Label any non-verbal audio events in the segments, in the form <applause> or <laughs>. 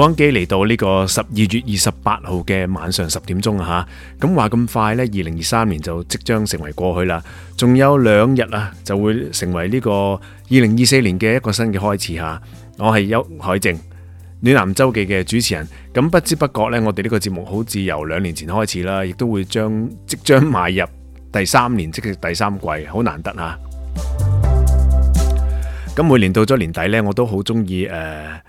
講機嚟到呢個十二月二十八號嘅晚上十點鐘吓，咁話咁快呢，二零二三年就即將成為過去啦，仲有兩日啊，就會成為呢個二零二四年嘅一個新嘅開始吓。我係邱海靖《暖男周記》嘅主持人，咁不知不覺呢，我哋呢個節目好似由兩年前開始啦，亦都會將即將邁入第三年，即係第三季，好難得吓。咁每年到咗年底呢，我都好中意，誒。呃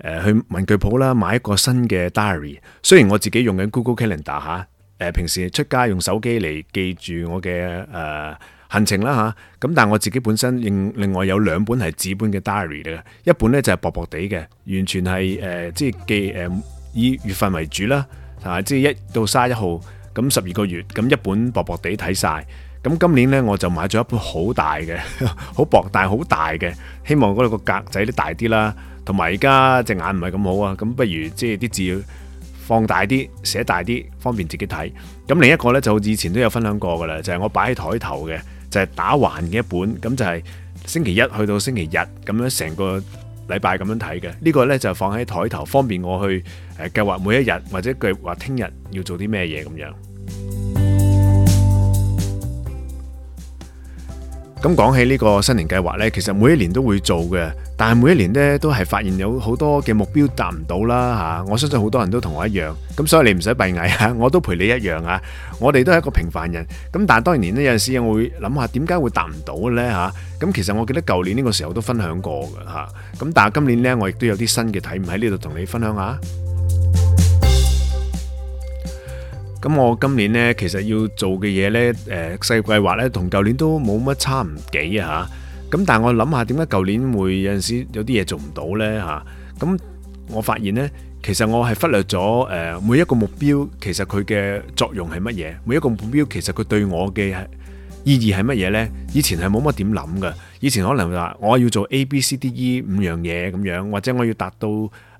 誒去文具鋪啦，買一個新嘅 diary。雖然我自己用緊 Google Calendar 嚇，誒平時出街用手機嚟記住我嘅誒、呃、行程啦嚇。咁但係我自己本身另另外有兩本係紙本嘅 diary 嘅，一本咧就係薄薄地嘅，完全係誒、呃、即係記誒以月份為主啦，係即係一到卅一號，咁十二個月，咁一本薄薄地睇晒。咁今年咧我就買咗一本好大嘅，好薄但係好大嘅，希望嗰度個格仔都大啲啦。同埋而家隻眼唔係咁好啊，咁不如即係啲字要放大啲，寫大啲，方便自己睇。咁另一個呢，就以前都有分享過嘅啦，就係我擺喺台頭嘅，就係打橫嘅一本，咁就係星期一去到星期日咁樣成個禮拜咁樣睇嘅。呢個呢，就放喺台頭，方便我去誒計劃每一日或者計劃聽日要做啲咩嘢咁樣。咁講起呢個新年計劃咧，其實每一年都會做嘅，但係每一年咧都係發現有好多嘅目標達唔到啦嚇。我相信好多人都同我一樣，咁所以你唔使閉翳啊，我都陪你一樣啊。我哋都係一個平凡人，咁但係當然咧，有陣時我會諗下點解會達唔到咧嚇。咁其實我記得舊年呢個時候都分享過㗎嚇，咁但係今年咧我亦都有啲新嘅體驗喺呢度同你分享下。咁我今年呢，其實要做嘅嘢呢，誒、呃，細嘅計劃呢，同舊年都冇乜差唔幾啊嚇。咁但係我諗下，點解舊年會有陣時有啲嘢做唔到呢？嚇？咁我發現呢，其實我係忽略咗誒每一個目標，其實佢嘅作用係乜嘢？每一個目標其實佢對我嘅意義係乜嘢呢？以前係冇乜點諗㗎，以前可能話我要做 A、B、C、D、E 五樣嘢咁樣，或者我要達到，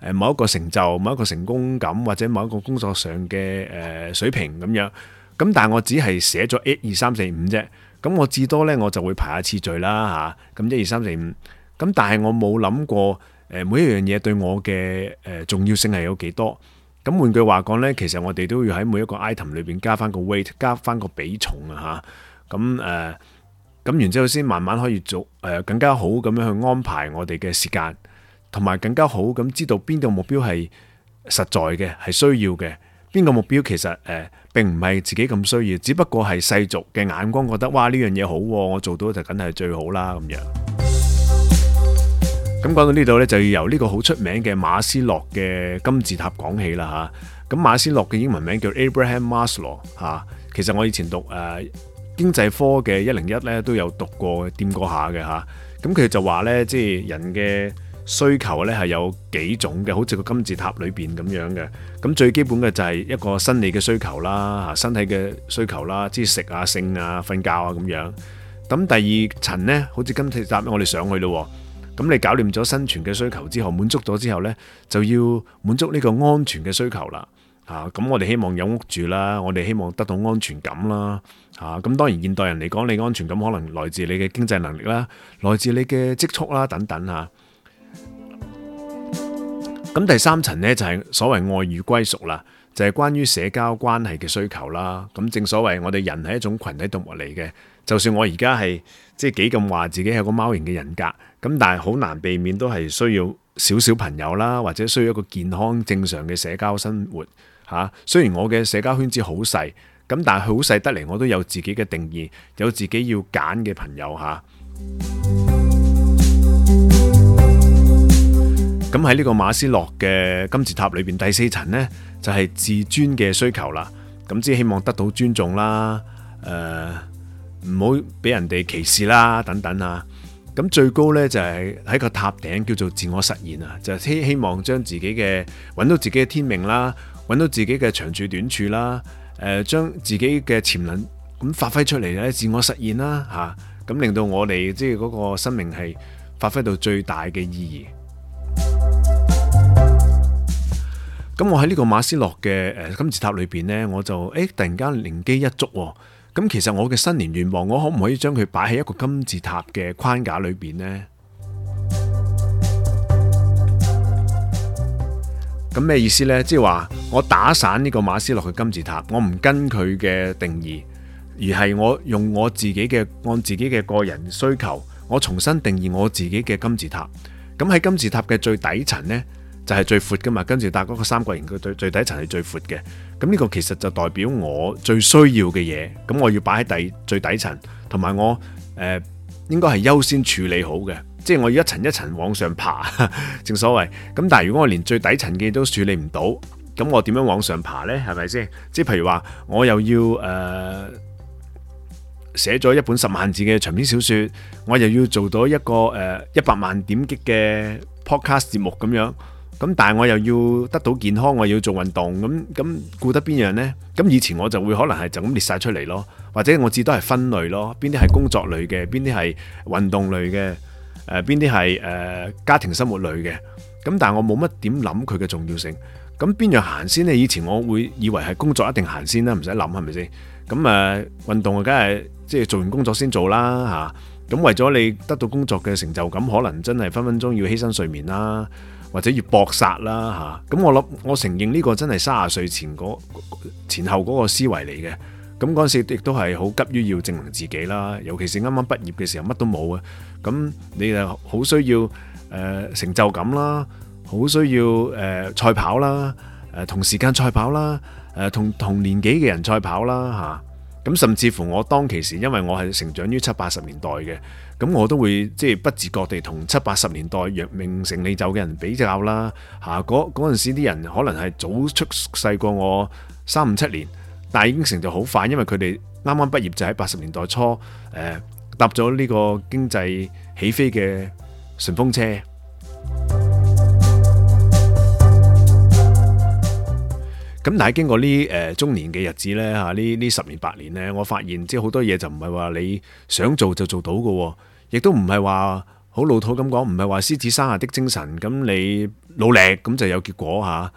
誒某一個成就、某一個成功感，或者某一個工作上嘅誒水平咁樣，咁但係我只係寫咗一、二、三、四、五啫，咁我至多呢，我就會排下次序啦吓，咁一、二、三、四、五，咁但係我冇諗過每一樣嘢對我嘅重要性係有幾多，咁換句話講呢，其實我哋都要喺每一個 item 裏邊加返個 weight，加返個比重啊吓，咁誒，咁、呃、然之後先慢慢可以做誒、呃、更加好咁樣去安排我哋嘅時間。同埋更加好咁，知道邊個目標係實在嘅，係需要嘅。邊個目標其實誒、呃、並唔係自己咁需要，只不過係世俗嘅眼光覺得哇呢樣嘢好、啊，我做到就梗係最好啦咁樣。咁講、嗯、到呢度呢，就要由呢個好出名嘅馬斯洛嘅金字塔講起啦吓，咁、啊、馬斯洛嘅英文名叫 Abraham Maslow 嚇、啊。其實我以前讀誒、啊、經濟科嘅一零一呢，都有讀過掂過一下嘅吓，咁、啊、佢就話呢，即係人嘅，需求呢係有幾種嘅，好似個金字塔裏邊咁樣嘅。咁最基本嘅就係一個生理嘅需求啦，嚇身體嘅需求啦，即係食啊、性啊、瞓覺啊咁樣。咁第二層呢，好似金字塔我哋上去喇喎。咁你搞掂咗生存嘅需求之後，滿足咗之後呢，就要滿足呢個安全嘅需求啦。嚇咁我哋希望有屋住啦，我哋希望得到安全感啦。嚇咁當然現代人嚟講，你安全感可能來自你嘅經濟能力啦，來自你嘅積蓄啦等等嚇。咁第三層呢，就係、是、所謂愛與歸屬啦，就係、是、關於社交關係嘅需求啦。咁正所謂我哋人係一種群體動物嚟嘅，就算我而家係即係幾咁話自己係個貓型嘅人格，咁但係好難避免都係需要少少朋友啦，或者需要一個健康正常嘅社交生活吓、啊。雖然我嘅社交圈子好細，咁但係好細得嚟，我都有自己嘅定義，有自己要揀嘅朋友吓。啊咁喺呢個馬斯洛嘅金字塔裏邊第四層呢，就係、是、自尊嘅需求啦。咁即係希望得到尊重啦，誒、呃，唔好俾人哋歧視啦，等等啊。咁最高呢，就係、是、喺個塔頂叫做自我實現啊，就希、是、希望將自己嘅搵到自己嘅天命啦，搵到自己嘅長處短處啦，誒、呃，將自己嘅潛能咁發揮出嚟咧，自我實現啦，吓、啊，咁令到我哋即係嗰個生命係發揮到最大嘅意義。咁我喺呢個馬斯洛嘅誒金字塔裏邊呢，我就誒突然間靈機一觸喎、哦。咁其實我嘅新年願望，我可唔可以將佢擺喺一個金字塔嘅框架裏邊呢？咁咩意思呢？即係話我打散呢個馬斯洛嘅金字塔，我唔跟佢嘅定義，而係我用我自己嘅按自己嘅個人需求，我重新定義我自己嘅金字塔。咁喺金字塔嘅最底層呢，就係最闊㗎嘛，跟住搭嗰個三角形，佢最最底層係最闊嘅。咁呢個其實就代表我最需要嘅嘢，咁我要擺喺第最底層，同埋我誒、呃、應該係優先處理好嘅，即係我要一層一層往上爬，呵呵正所謂。咁但係如果我連最底層嘅都處理唔到，咁我點樣往上爬呢？係咪先？即係譬如話，我又要誒、呃、寫咗一本十萬字嘅長篇小說，我又要做到一個誒、呃、一百萬點擊嘅 podcast 節目咁樣。咁但係我又要得到健康，我要做運動，咁咁顧得邊樣呢？咁以前我就會可能係就咁列晒出嚟咯，或者我至多係分類咯，邊啲係工作類嘅，邊啲係運動類嘅，誒邊啲係誒家庭生活類嘅。咁但係我冇乜點諗佢嘅重要性。咁邊樣行先呢？以前我會以為係工作一定行先啦，唔使諗係咪先？咁誒運動啊，梗係即係做完工作先做啦吓。咁為咗你得到工作嘅成就感，可能真係分分鐘要犧牲睡眠啦。或者要搏殺啦嚇，咁我諗我承認呢個真係三十歲前嗰前後嗰個思維嚟嘅，咁嗰陣時亦都係好急於要證明自己啦，尤其是啱啱畢業嘅時候乜都冇啊，咁你就好需要誒、呃、成就感啦，好需要誒、呃、賽跑啦，誒、呃、同時間賽跑啦，誒、呃、同同年紀嘅人賽跑啦嚇，咁、啊、甚至乎我當其時，因為我係成長於七八十年代嘅。咁我都會即係不自覺地同七八十年代若命成你走嘅人比較啦，嗰嗰陣時啲人可能係早出世過我三五七年，但係已經成就好快，因為佢哋啱啱畢業就喺八十年代初，呃，搭咗呢個經濟起飛嘅順風車。咁但係經過呢，誒，中年嘅日子咧吓呢，呢十年八年呢，我發現即係好多嘢就唔係話你想做就做到嘅，亦都唔係話好老土咁講，唔係話獅子山下的精神，咁你努力咁就有結果吓。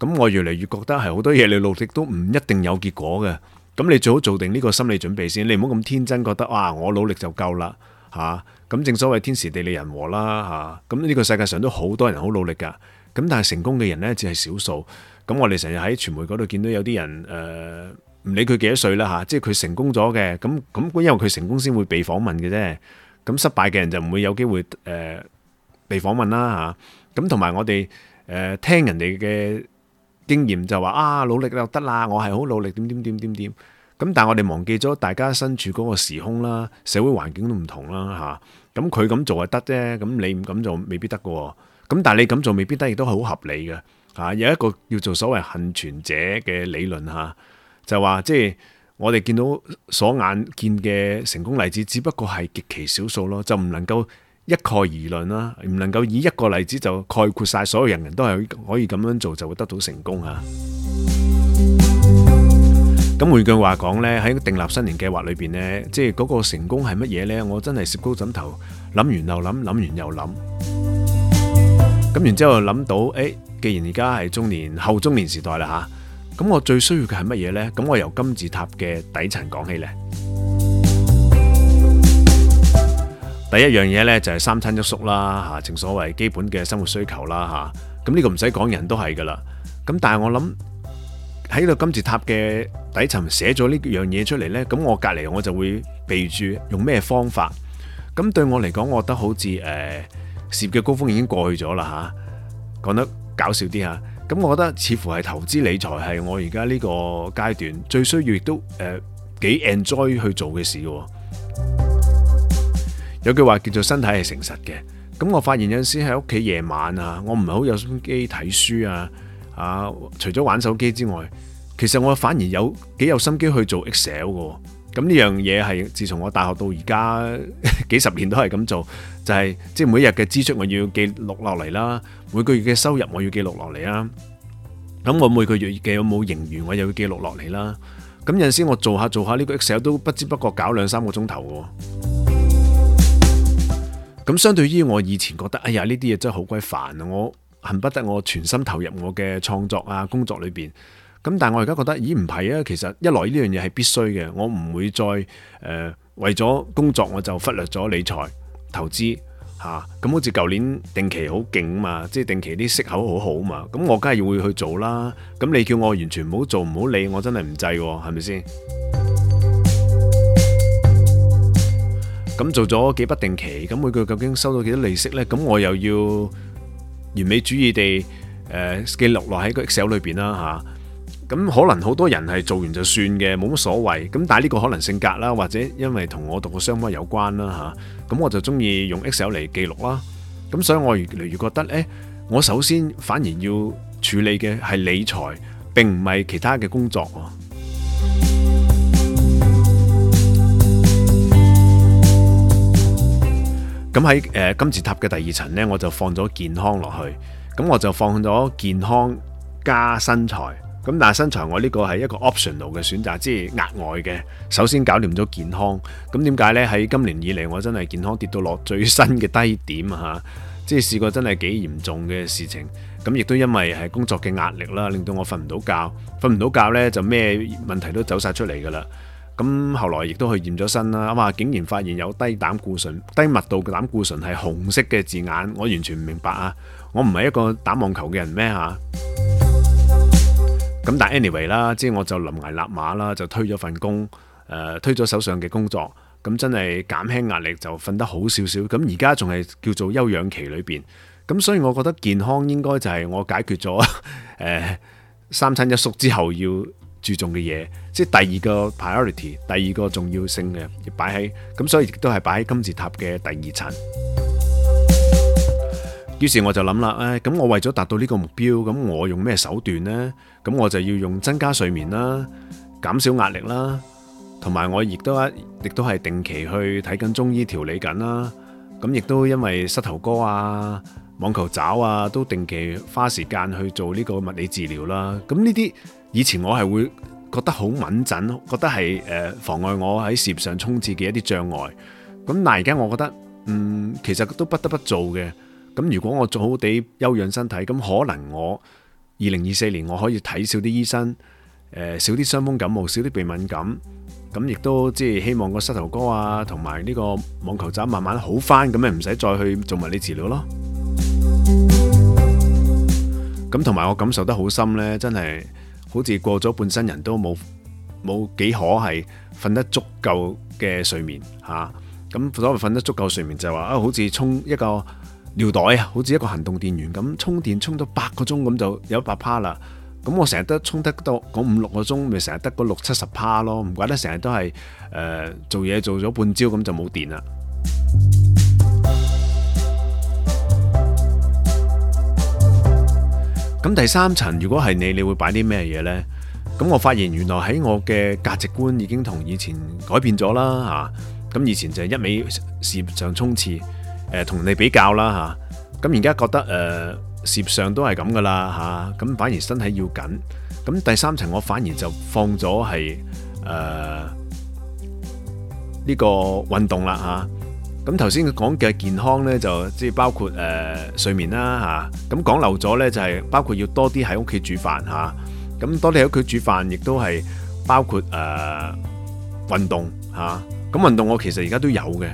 咁我越嚟越覺得係好多嘢你努力都唔一定有結果嘅。咁你最好做定呢個心理準備先，你唔好咁天真覺得哇我努力就夠啦吓。咁正所謂天時地利人和啦吓。咁、這、呢個世界上都好多人好努力噶，咁但係成功嘅人呢，只係少數。咁我哋成日喺傳媒嗰度見到有啲人誒，唔理佢幾多歲啦嚇，即係佢成功咗嘅，咁咁因為佢成功先會被訪問嘅啫。咁失敗嘅人就唔會有機會誒被訪問啦嚇。咁同埋我哋誒聽人哋嘅經驗就話啊，努力就得啦，我係好努力點點點點點。咁但係我哋忘記咗大家身處嗰個時空啦，社會環境都唔同啦嚇。咁佢咁做啊得啫，咁你唔咁做未必得嘅喎。咁但係你咁做未必得，亦都係好合理嘅。嚇、啊，有一個叫做所謂幸存者嘅理論嚇、啊，就話即係我哋見到所眼見嘅成功例子，只不過係極其少數咯，就唔能夠一概而論啦，唔能夠以一個例子就概括晒所有人，人都係可以咁樣做就會得到成功啊！咁換句話講呢，喺訂立新年計劃裏邊呢，即係嗰個成功係乜嘢呢？我真係攝高枕頭，諗完又諗，諗完又諗。咁然之後諗到，誒，既然而家係中年後中年時代啦嚇，咁我最需要嘅係乜嘢呢？咁我由金字塔嘅底層講起呢。第一樣嘢呢就係三餐一宿啦嚇，正所謂基本嘅生活需求啦嚇。咁呢個唔使講，人都係噶啦。咁但係我諗喺個金字塔嘅底層寫咗呢樣嘢出嚟呢，咁我隔離我就會備註用咩方法。咁對我嚟講，我覺得好似誒。涉嘅高峰已經過去咗啦嚇，講得搞笑啲嚇，咁我覺得似乎係投資理財係我而家呢個階段最需要，亦都誒幾 enjoy 去做嘅事喎。有句話叫做身體係誠實嘅，咁我發現有陣時喺屋企夜晚啊，我唔係好有心機睇書啊，啊，除咗玩手機之外，其實我反而有幾有心機去做 Excel 嘅，咁呢樣嘢係自從我大學到而家幾十年都係咁做。就係即係每日嘅支出，我要記錄落嚟啦；每個月嘅收入，我要記錄落嚟啦。咁我每個月嘅有冇盈餘，我又要記錄落嚟啦。咁有陣時我做下做下呢個 Excel 都不知不覺搞兩三個鐘頭喎。咁相對於我以前覺得，哎呀呢啲嘢真係好鬼煩啊！我恨不得我全心投入我嘅創作啊工作裏邊。咁但係我而家覺得，咦唔係啊，其實一來呢樣嘢係必須嘅，我唔會再誒、呃、為咗工作我就忽略咗理財。投資吓，咁好似舊年定期好勁啊嘛，即係定期啲息口好好啊嘛，咁我梗係會去做啦。咁你叫我完全唔好做唔好理，我真係唔制喎，係咪先？咁做咗幾筆定期，咁每個月究竟收到幾多利息呢？咁我又要完美主義地誒記錄落喺個 Excel 裏邊啦吓。咁可能好多人係做完就算嘅，冇乜所謂。咁但係呢個可能性格啦，或者因為同我讀個商科有關啦吓，咁我就中意用 Excel 嚟記錄啦。咁所以我越嚟越覺得，誒，我首先反而要處理嘅係理財，並唔係其他嘅工作。咁喺誒金字塔嘅第二層呢，我就放咗健康落去。咁我就放咗健康加身材。咁但係身材，我呢個係一個 optional 嘅選擇，即係額外嘅。首先搞掂咗健康，咁點解呢？喺今年以嚟，我真係健康跌到落最新嘅低點啊！吓，即係試過真係幾嚴重嘅事情。咁亦都因為係工作嘅壓力啦，令到我瞓唔到覺，瞓唔到覺呢，就咩問題都走晒出嚟噶啦。咁後來亦都去驗咗身啦，啊嘛竟然發現有低膽固醇、低密度嘅膽固醇係紅色嘅字眼，我完全唔明白啊！我唔係一個打網球嘅人咩啊？咁但 anyway 啦，即係我就臨危立馬啦，就推咗份工，誒推咗手上嘅工作，咁真係減輕壓力就瞓得好少少。咁而家仲係叫做休養期裏邊，咁所以我覺得健康應該就係我解決咗誒 <laughs> 三餐一宿之後要注重嘅嘢，即係第二個 priority，第二個重要性嘅，擺喺咁，所以亦都係擺喺金字塔嘅第二層。於是我就諗啦，誒咁，我為咗達到呢個目標，咁我用咩手段呢？咁我就要用增加睡眠啦，減少壓力啦，同埋我亦都一亦都係定期去睇緊中醫調理緊啦。咁亦都因為膝頭哥啊、網球爪啊，都定期花時間去做呢個物理治療啦。咁呢啲以前我係會覺得好謹慎，覺得係誒妨礙我喺事業上衝刺嘅一啲障礙。咁但係，而家我覺得，嗯，其實都不得不做嘅。咁如果我做好地休養身體，咁可能我二零二四年我可以睇少啲醫生，誒少啲傷風感冒，少啲鼻敏感，咁亦都即係希望個膝頭哥啊同埋呢個網球肘慢慢好翻，咁咪唔使再去做物理治療咯。咁同埋我感受得好深呢，真係好似過咗半生人都冇冇幾可係瞓得足夠嘅睡眠嚇。咁、啊、所謂瞓得足夠睡眠就係話啊，好似沖一個。尿袋啊，好似一個行動電源咁，充電充到八個鐘咁就有一百趴啦。咁我成日得充得多，講五六個鐘咪成日得嗰六七十趴咯。唔怪得成日都係誒、呃、做嘢做咗半朝咁就冇電啦。咁 <music> 第三層，如果係你，你會擺啲咩嘢呢？咁我發現原來喺我嘅價值觀已經同以前改變咗啦。吓、啊，咁以前就係一味事業上衝刺。誒同你比較啦嚇，咁而家覺得誒攝、呃、上都係咁噶啦嚇，咁反而身體要緊，咁第三層我反而就放咗係誒呢個運動啦嚇，咁頭先講嘅健康呢，就即係包括誒、呃、睡眠啦嚇，咁、啊、講漏咗呢，就係包括要多啲喺屋企煮飯嚇，咁、啊、多啲喺屋企煮飯亦都係包括誒、呃、運動嚇，咁、啊、運動我其實而家都有嘅，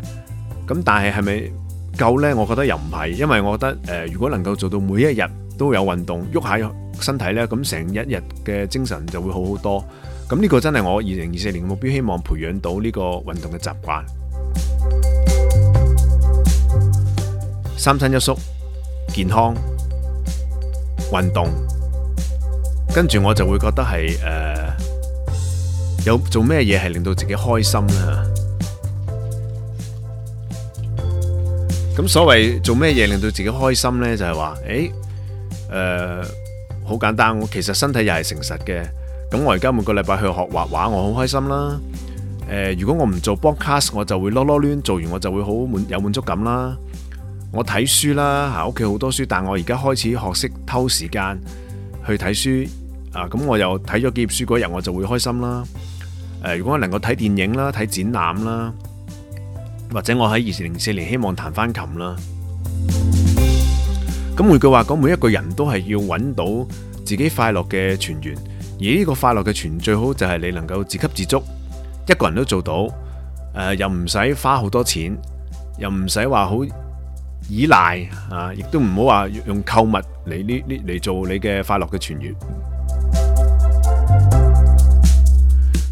咁但係係咪？夠呢，我覺得又唔係，因為我覺得、呃、如果能夠做到每一日都有運動，喐下身體呢，咁成一日嘅精神就會好好多。咁呢個真係我二零二四年目標，希望培養到呢個運動嘅習慣。三餐一宿，健康運動，跟住我就會覺得係、呃、有做咩嘢係令到自己開心呢？咁所謂做咩嘢令到自己開心呢？就係、是、話，誒，誒、呃，好簡單。我其實身體又係誠實嘅。咁我而家每個禮拜去學畫畫，我好開心啦。誒、呃，如果我唔做 podcast，我就會囉囉攣，做完我就會好滿有滿，有滿足感啦。我睇書啦，吓屋企好多書，但我而家開始學識偷時間去睇書。啊，咁我又睇咗幾頁書嗰日，我就會開心啦。誒、呃，如果我能夠睇電影啦、睇展覽啦。或者我喺二零二四年希望彈翻琴啦。咁每句話講，每一個人都係要揾到自己快樂嘅泉源，而呢個快樂嘅泉最好就係你能夠自給自足，一個人都做到。誒，又唔使花好多錢，又唔使話好依賴啊，亦都唔好話用購物嚟，呢呢嚟做你嘅快樂嘅泉源。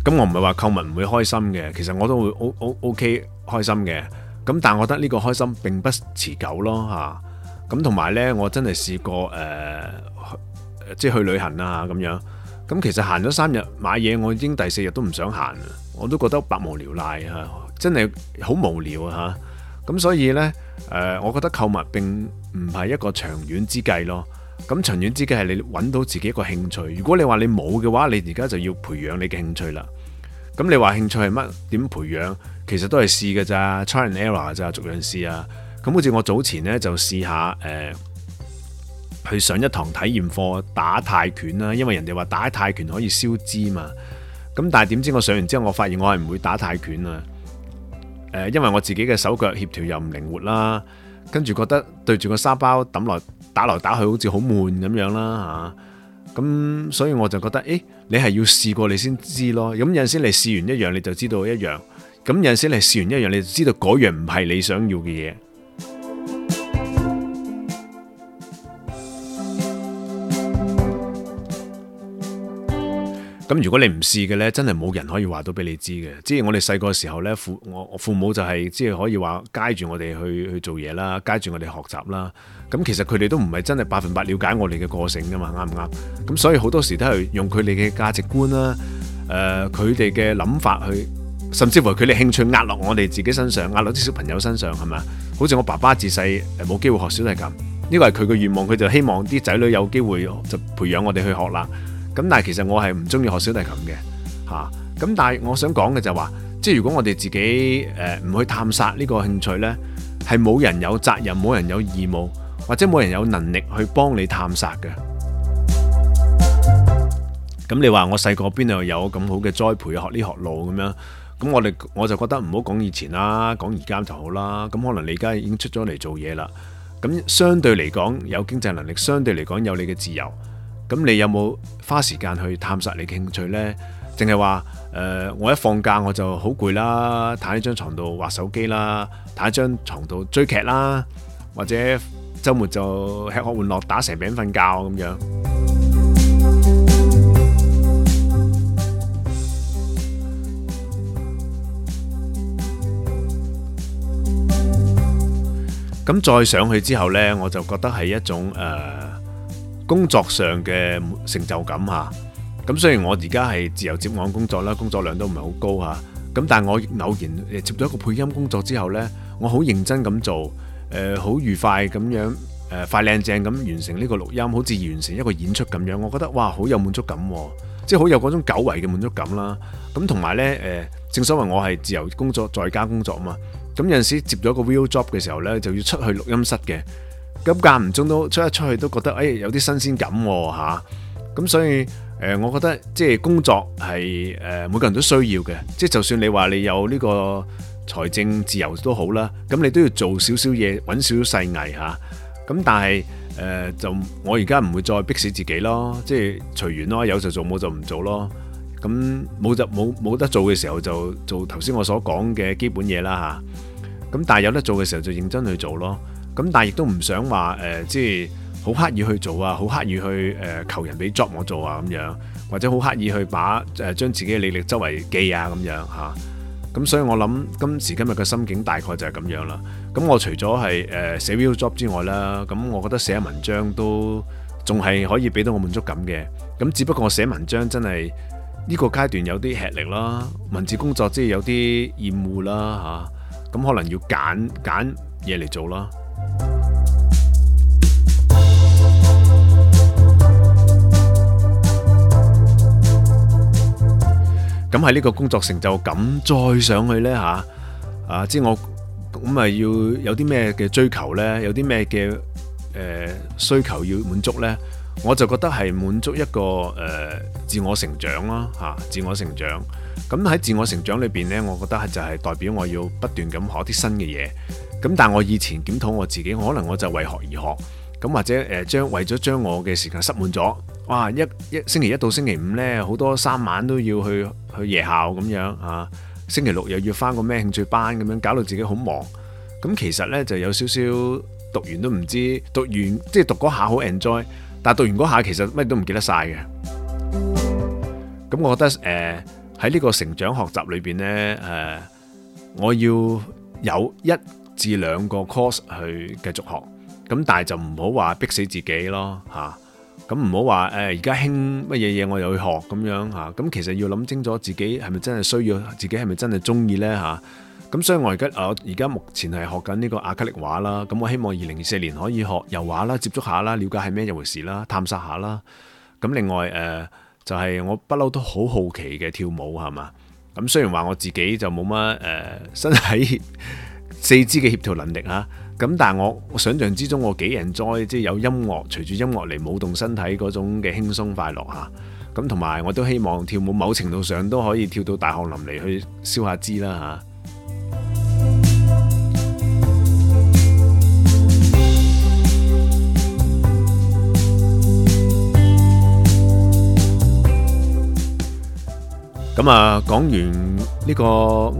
咁我唔係話購物唔會開心嘅，其實我都會 O O O K。開心嘅，咁但係我覺得呢個開心並不持久咯嚇，咁同埋呢，我真係試過誒，即、呃、係去、呃、去旅行啊咁樣，咁其實行咗三日買嘢，我已經第四日都唔想行，我都覺得百無聊賴嚇，真係好無聊啊嚇，咁所以呢，誒、呃，我覺得購物並唔係一個長遠之計咯，咁長遠之計係你揾到自己一個興趣，如果你話你冇嘅話，你而家就要培養你嘅興趣啦。咁你話興趣係乜？點培養？其實都係試㗎咋，try and error 咋，逐樣試啊。咁好似我早前呢，就試下誒，去上一堂體驗課打泰拳啦。因為人哋話打泰拳可以消脂嘛。咁但係點知我上完之後，我發現我係唔會打泰拳啊。誒、呃，因為我自己嘅手腳協調又唔靈活啦，跟住覺得對住個沙包揼來打來打去好，好似好悶咁樣啦嚇。咁所以我就覺得，誒，你係要試過你先知囉。咁有陣時你試完一樣你就知道一樣，咁有陣時你試完一樣你就知道嗰樣唔係你想要嘅嘢。咁如果你唔試嘅呢，真係冇人可以話到俾你知嘅。即係我哋細個時候呢，父我我父母就係即係可以話街住我哋去我去做嘢啦，街住我哋學習啦。咁其實佢哋都唔係真係百分百了解我哋嘅個性噶嘛，啱唔啱？咁所以好多時都係用佢哋嘅價值觀啦，誒、呃，佢哋嘅諗法去，甚至乎佢哋興趣壓落我哋自己身上，壓落啲小朋友身上，係咪？好似我爸爸自細冇機會學小提琴，呢、呢個係佢嘅願望，佢就希望啲仔女有機會就培養我哋去學啦。咁但係其實我係唔中意學小提琴嘅，吓、啊、咁但係我想講嘅就話、是，即係如果我哋自己誒唔、呃、去探索呢個興趣呢，係冇人有責任，冇人有義務，或者冇人有能力去幫你探索嘅。咁你話我細個邊度有咁好嘅栽培學呢學路咁樣？咁我哋我就覺得唔好講以前啦，講而家就好啦。咁可能你而家已經出咗嚟做嘢啦，咁相對嚟講有經濟能力，相對嚟講有你嘅自由。咁你有冇花時間去探索你嘅興趣呢？淨係話誒，我一放假我就好攰啦，躺喺張牀度玩手機啦，躺喺張牀度追劇啦，或者週末就吃喝玩樂打成餅瞓覺咁樣。咁再上去之後呢，我就覺得係一種誒。工作上嘅成就感吓，咁雖然我而家係自由接案工作啦，工作量都唔係好高吓，咁但係我偶然誒接咗個配音工作之後咧，我好認真咁做，誒好愉快咁樣，誒快靚正咁完成呢個錄音，好似完成一個演出咁樣，我覺得哇好有滿足感，即係好有嗰種久違嘅滿足感啦。咁同埋咧誒，正所謂我係自由工作再加工作啊嘛，咁有陣時接咗個 real job 嘅時候咧，就要出去錄音室嘅。咁間唔中都出一出去都覺得，誒有啲新鮮感喎嚇。咁所以誒，我覺得即係工作係誒每個人都需要嘅。即係就算你話你有呢個財政自由都好啦，咁你都要做少少嘢，搵少少細藝嚇。咁但係誒就我而家唔會再逼死自己咯，即係隨緣咯，有就做，冇就唔做咯。咁冇就冇冇得做嘅時候就做頭先我所講嘅基本嘢啦嚇。咁但係有得做嘅時候就認真去做咯。咁，但係亦都唔想話誒，即係好刻意去做啊，好刻意去誒、呃、求人俾 job 我做啊，咁樣或者好刻意去把誒將、呃、自己嘅履歷周圍記啊，咁樣嚇。咁、啊、所以我諗今時今日嘅心境大概就係咁樣啦。咁、啊、我除咗係誒寫 view job 之外啦，咁、啊、我覺得寫文章都仲係可以俾到我滿足感嘅。咁、啊、只不過我寫文章真係呢個階段有啲吃力啦，文字工作即係有啲厭惡啦嚇。咁、啊啊啊、可能要揀揀嘢嚟做啦。咁喺呢個工作成就感再上去呢，吓、啊，啊，即我咁咪要有啲咩嘅追求呢？有啲咩嘅誒需求要滿足呢？我就覺得係滿足一個誒自我成長咯，吓，自我成長。咁、啊、喺自，自我成長裏邊呢，我覺得係就係代表我要不斷咁學啲新嘅嘢。咁但係我以前檢討我自己，可能我就為學而學，咁或者誒將為咗將我嘅時間塞滿咗，哇！一一星期一到星期五呢，好多三晚都要去去夜校咁樣啊，星期六又要返個咩興趣班咁樣，搞到自己好忙。咁其實呢就有少少讀完都唔知讀完，即係讀嗰下好 enjoy，但係讀完嗰下其實乜都唔記得曬嘅。咁我覺得誒喺呢個成長學習裏邊呢誒，我要有一。至兩個 course 去繼續學，咁但係就唔好話逼死自己咯嚇，咁唔好話誒而家興乜嘢嘢我又去學咁樣嚇，咁、啊啊、其實要諗清楚自己係咪真係需要，自己係咪真係中意呢。嚇、啊，咁所以我而家我而家目前係學緊呢個阿克力畫啦，咁我希望二零二四年可以學油畫啦，接觸下啦，了解係咩一回事啦，探索下啦，咁、啊啊、另外誒、呃、就係、是、我不嬲都好好奇嘅跳舞係嘛，咁雖然話我自己就冇乜誒身體。四肢嘅協調能力啊，咁但係我想象之中我，我幾人哉，即係有音樂，隨住音樂嚟舞動身體嗰種嘅輕鬆快樂啊，咁同埋我都希望跳舞，某程度上都可以跳到大汗淋漓去燒下脂啦嚇。咁啊、嗯，講完呢、呢個。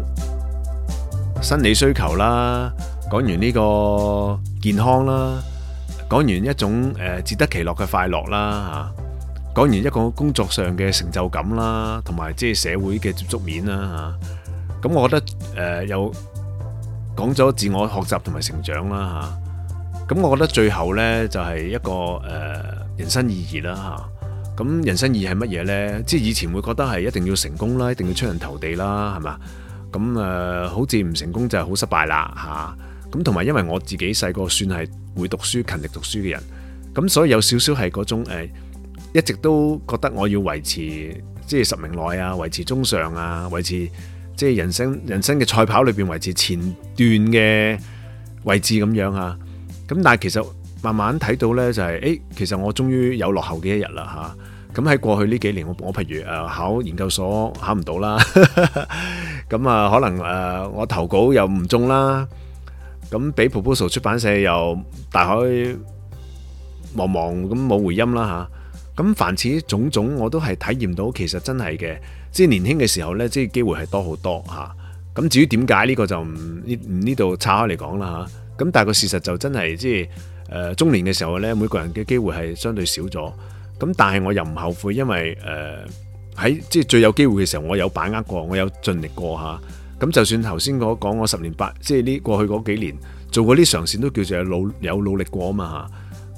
生理需求啦，講完呢個健康啦，講完一種誒、呃、自得其樂嘅快樂啦嚇，講完一個工作上嘅成就感啦，同埋即係社會嘅接觸面啦嚇。咁、啊、我覺得誒又講咗自我學習同埋成長啦嚇。咁、啊、我覺得最後呢，就係、是、一個誒、呃、人生意義啦嚇。咁、啊、人生意義係乜嘢呢？即係以前會覺得係一定要成功啦，一定要出人頭地啦，係嘛？咁誒，好似唔成功就好失敗啦嚇！咁同埋因為我自己細個算係會讀書、勤力讀書嘅人，咁所以有少少係嗰種、呃、一直都覺得我要維持即係十名內啊，維持中上啊，維持即係、就是、人生人生嘅賽跑裏邊維持前段嘅位置咁樣啊。咁但係其實慢慢睇到呢、就是，就係誒，其實我終於有落後嘅一日啦嚇。啊。咁喺過去呢幾年，我我譬如誒考研究所考唔到啦，咁 <laughs> 啊可能誒我投稿又唔中啦，咁俾 proposal 出版社又大海茫茫，咁冇回音啦吓，咁凡此種種我都係體驗到，其實真係嘅，即係年輕嘅時候咧，即係機會係多好多吓，咁至於點解呢個就唔呢呢度拆開嚟講啦吓，咁但係個事實就真係即係誒中年嘅時候咧，每個人嘅機會係相對少咗。咁但係我又唔後悔，因為誒喺、呃、即係最有機會嘅時候，我有把握過，我有盡力過嚇。咁、啊、就算頭先嗰講我十年八，即係呢過去嗰幾年做過啲長線，都叫做有努力過嘛啊嘛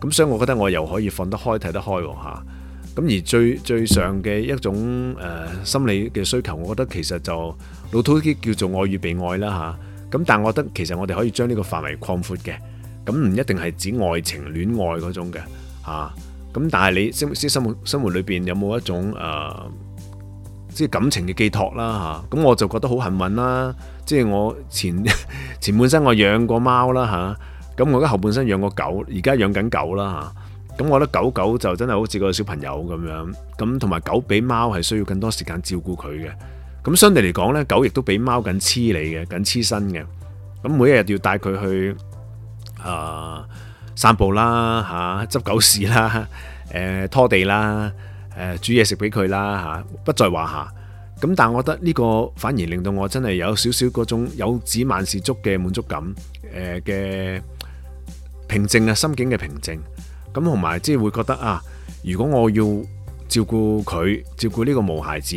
嚇。咁所以我覺得我又可以放得開睇得開嚇。咁、啊、而最最上嘅一種誒、呃、心理嘅需求，我覺得其實就老土啲叫做愛與被愛啦嚇。咁、啊、但係我覺得其實我哋可以將呢個範圍擴闊嘅，咁唔一定係指愛情戀愛嗰種嘅嚇。啊。咁但係你生即係生活生活裏邊有冇一種誒、呃，即係感情嘅寄託啦吓？咁我就覺得好幸運啦。即係我前前半生我養過貓啦吓，咁、啊、我而家後半生養過狗，而家養緊狗啦吓。咁、啊、我覺得狗狗就真係好似個小朋友咁樣，咁同埋狗比貓係需要更多時間照顧佢嘅。咁相對嚟講呢，狗亦都比貓更黐你嘅，更黐身嘅。咁每日要帶佢去誒。呃散步啦，嚇、啊、執狗屎啦，誒、啊、拖地啦，誒、啊、煮嘢食俾佢啦，嚇、啊、不在話下。咁但係我覺得呢個反而令到我真係有少少嗰種有子萬事足嘅滿足感，誒、啊、嘅平靜啊，心境嘅平靜。咁同埋即係會覺得啊，如果我要照顧佢，照顧呢個毛孩子，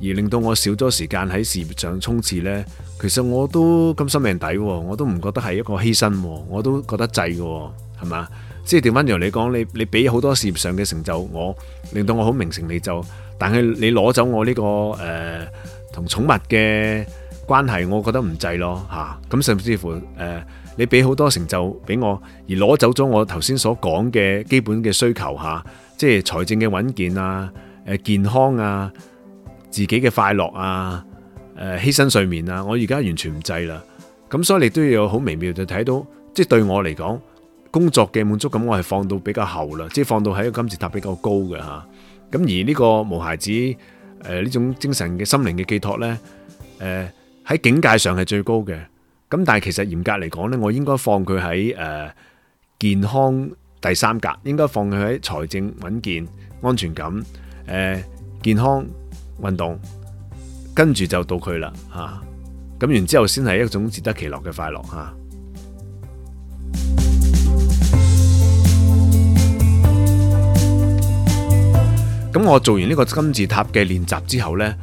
而令到我少咗時間喺事業上衝刺呢，其實我都甘心命抵，我都唔覺得係一個犧牲，我都覺得制嘅。係嘛，即係調翻轉嚟，講，你你俾好多事業上嘅成就，我令到我好名成利就，但係你攞走我呢、這個誒同、呃、寵物嘅關係，我覺得唔制咯吓。咁、啊、甚至乎誒、呃，你俾好多成就俾我，而攞走咗我頭先所講嘅基本嘅需求吓、啊，即係財政嘅穩健啊、啊，健康啊，啊自己嘅快樂啊，誒、啊、犧牲睡眠啊，我而家完全唔制啦。咁、啊、所以你都要好微妙就睇到，即係對我嚟講。工作嘅滿足感，我係放到比較後啦，即係放到喺一個金字塔比較高嘅嚇。咁而呢個無孩子誒呢、呃、種精神嘅心靈嘅寄託呢，誒、呃、喺境界上係最高嘅。咁但係其實嚴格嚟講呢，我應該放佢喺誒健康第三格，應該放佢喺財政穩健安全感誒、呃、健康運動，跟住就到佢啦嚇。咁、啊、然之後先係一種自得其樂嘅快樂嚇。啊。咁我做完呢個金字塔嘅練習之後呢，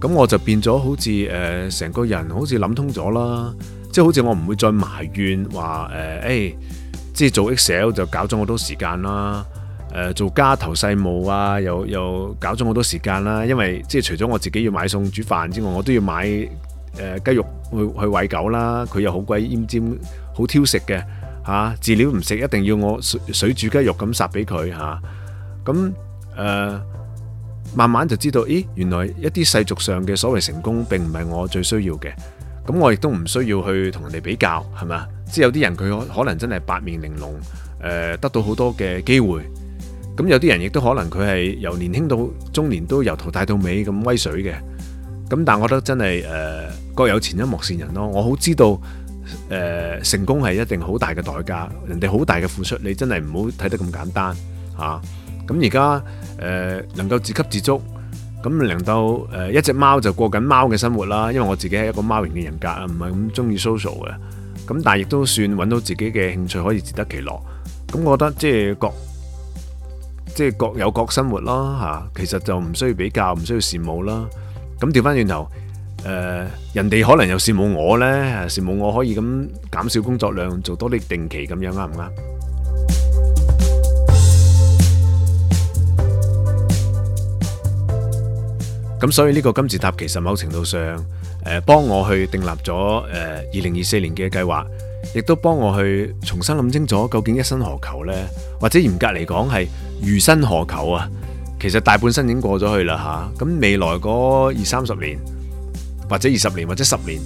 咁我就變咗好似誒成個人好似諗通咗啦，即係好似我唔會再埋怨話誒，誒、呃欸，即係做 Excel 就搞咗好多時間啦，誒、呃，做家頭細務啊，又又搞咗好多時間啦，因為即係除咗我自己要買餸煮飯之外，我都要買誒雞、呃、肉去去餵狗啦，佢又好鬼奄尖，好挑食嘅吓，飼料唔食，一定要我水水煮雞肉咁殺俾佢吓，咁、啊、誒。慢慢就知道，咦，原來一啲世俗上嘅所謂成功並唔係我最需要嘅，咁我亦都唔需要去同人哋比較，係咪？即係有啲人佢可能真係八面玲瓏，誒得到好多嘅機會，咁有啲人亦都可能佢係由年輕到中年都由頭大到尾咁威水嘅，咁但我覺得真係誒、呃、各有前因莫善人咯。我好知道誒、呃、成功係一定好大嘅代價，人哋好大嘅付出，你真係唔好睇得咁簡單嚇。咁而家。誒，能夠自給自足，咁能夠誒，一隻貓就過緊貓嘅生活啦。因為我自己係一個貓型嘅人格啊，唔係咁中意 social 嘅，咁但係亦都算揾到自己嘅興趣，可以自得其樂。咁我覺得即係各即係各有各生活啦吓，其實就唔需要比較，唔需要羨慕啦。咁調翻轉頭，誒，人哋可能又羨慕我呢，羨慕我可以咁減少工作量，做多啲定期咁樣，啱唔啱？咁所以呢個金字塔其實某程度上，誒、呃、幫我去訂立咗誒二零二四年嘅計劃，亦都幫我去重新諗清楚究竟一生何求呢？或者嚴格嚟講係餘生何求啊？其實大半生已經過咗去啦吓，咁、啊、未來嗰二三十年或者二十年或者十年，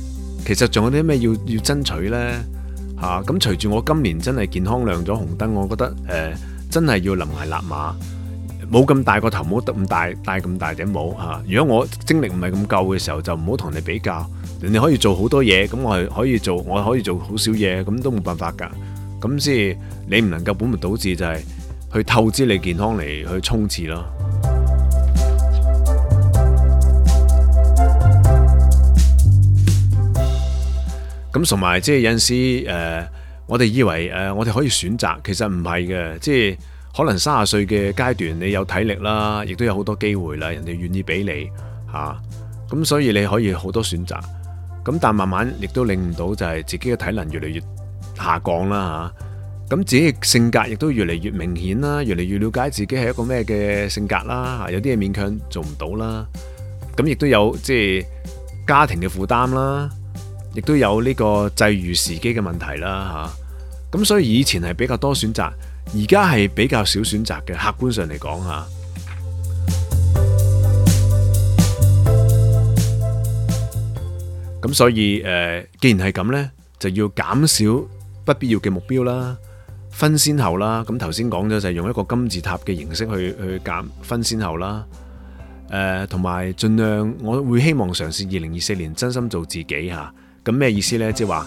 其實仲有啲咩要要爭取呢？吓、啊？咁隨住我今年真係健康亮咗紅燈，我覺得誒、呃、真係要臨崖勒馬。冇咁大個頭，冇得咁大戴咁大頂帽嚇、啊。如果我精力唔係咁夠嘅時候，就唔好同你比較。人哋可以做好多嘢，咁我係可以做，我可以做好少嘢，咁都冇辦法㗎。咁先，你唔能夠本末倒置，就係去透支你健康嚟去衝刺咯。咁同埋即係有陣時，誒、呃，我哋以為誒、呃，我哋可以選擇，其實唔係嘅，即係。可能三十歲嘅階段，你有體力啦，亦都有好多機會啦，人哋願意俾你吓，咁、啊、所以你可以好多選擇。咁但慢慢亦都令唔到，就係自己嘅體能越嚟越下降啦吓。咁、啊、自己性格亦都越嚟越明顯啦，越嚟越了解自己係一個咩嘅性格啦。啊，有啲嘢勉強做唔到啦。咁、啊、亦都有即係、就是、家庭嘅負擔啦，亦、啊、都有呢個際遇時機嘅問題啦吓。咁、啊、所以以前係比較多選擇。而家係比較少選擇嘅，客觀上嚟講吓，咁所以誒、呃，既然係咁呢，就要減少不必要嘅目標啦，分先後啦。咁頭先講咗就係用一個金字塔嘅形式去去減分先後啦。誒、呃，同埋盡量我會希望嘗試二零二四年真心做自己吓，咁咩意思呢？即係話。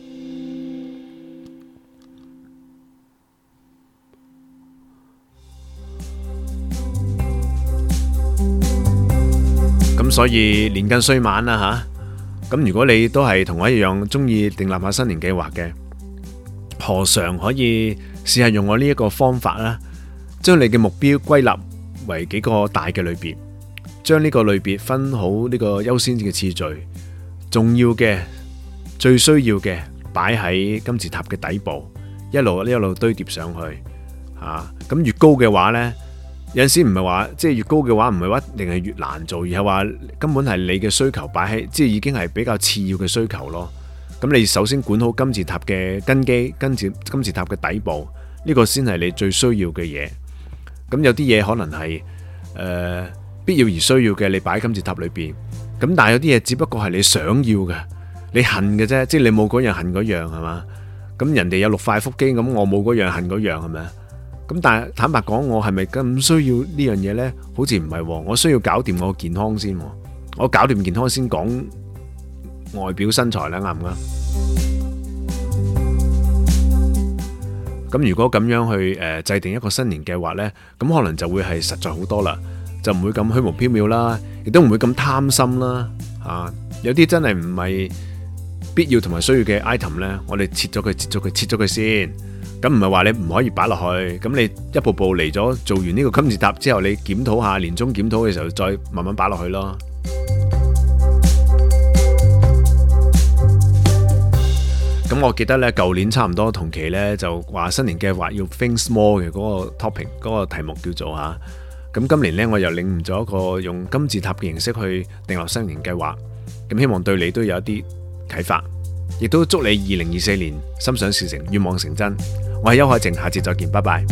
所以年近歲晚啦吓，咁如果你都係同我一樣中意訂立下新年計劃嘅，何嘗可以試下用我呢一個方法啦？將你嘅目標歸納為幾個大嘅類別，將呢個類別分好呢個優先嘅次序，重要嘅、最需要嘅擺喺金字塔嘅底部，一路呢一路堆疊上去，吓，咁越高嘅話呢。有陣時唔係話即係越高嘅話，唔係話一定係越難做，而係話根本係你嘅需求擺喺，即係已經係比較次要嘅需求咯。咁你首先管好金字塔嘅根基、跟住、金字塔嘅底部，呢、這個先係你最需要嘅嘢。咁有啲嘢可能係誒、呃、必要而需要嘅，你擺喺金字塔裏邊。咁但係有啲嘢只不過係你想要嘅，你恨嘅啫，即係你冇嗰樣恨嗰樣係嘛？咁人哋有六塊腹肌，咁我冇嗰樣恨嗰樣係咪啊？咁但係坦白講，我係咪咁需要呢樣嘢呢？好似唔係喎，我需要搞掂我健康先喎，我搞掂健康先講外表身材啦，啱唔啱？咁如果咁樣去誒制定一個新年計劃呢，咁可能就會係實在好多啦，就唔會咁虛無縹緲啦，亦都唔會咁貪心啦。啊，有啲真係唔係必要同埋需要嘅 item 呢，我哋切咗佢，切咗佢，切咗佢先。咁唔係話你唔可以擺落去，咁你一步步嚟咗做完呢個金字塔之後，你檢討下年終檢討嘅時候再慢慢擺落去咯。咁我記得呢，舊年差唔多同期呢，就話新年計劃要 think more 嘅嗰個 topic，嗰、嗰個題目叫做吓」。咁今年呢，我又領悟咗一個用金字塔嘅形式去定落新年計劃，咁希望對你都有一啲啟發，亦都祝你二零二四年心想事成，願望成真。我係邱海靜，下次再見，拜拜。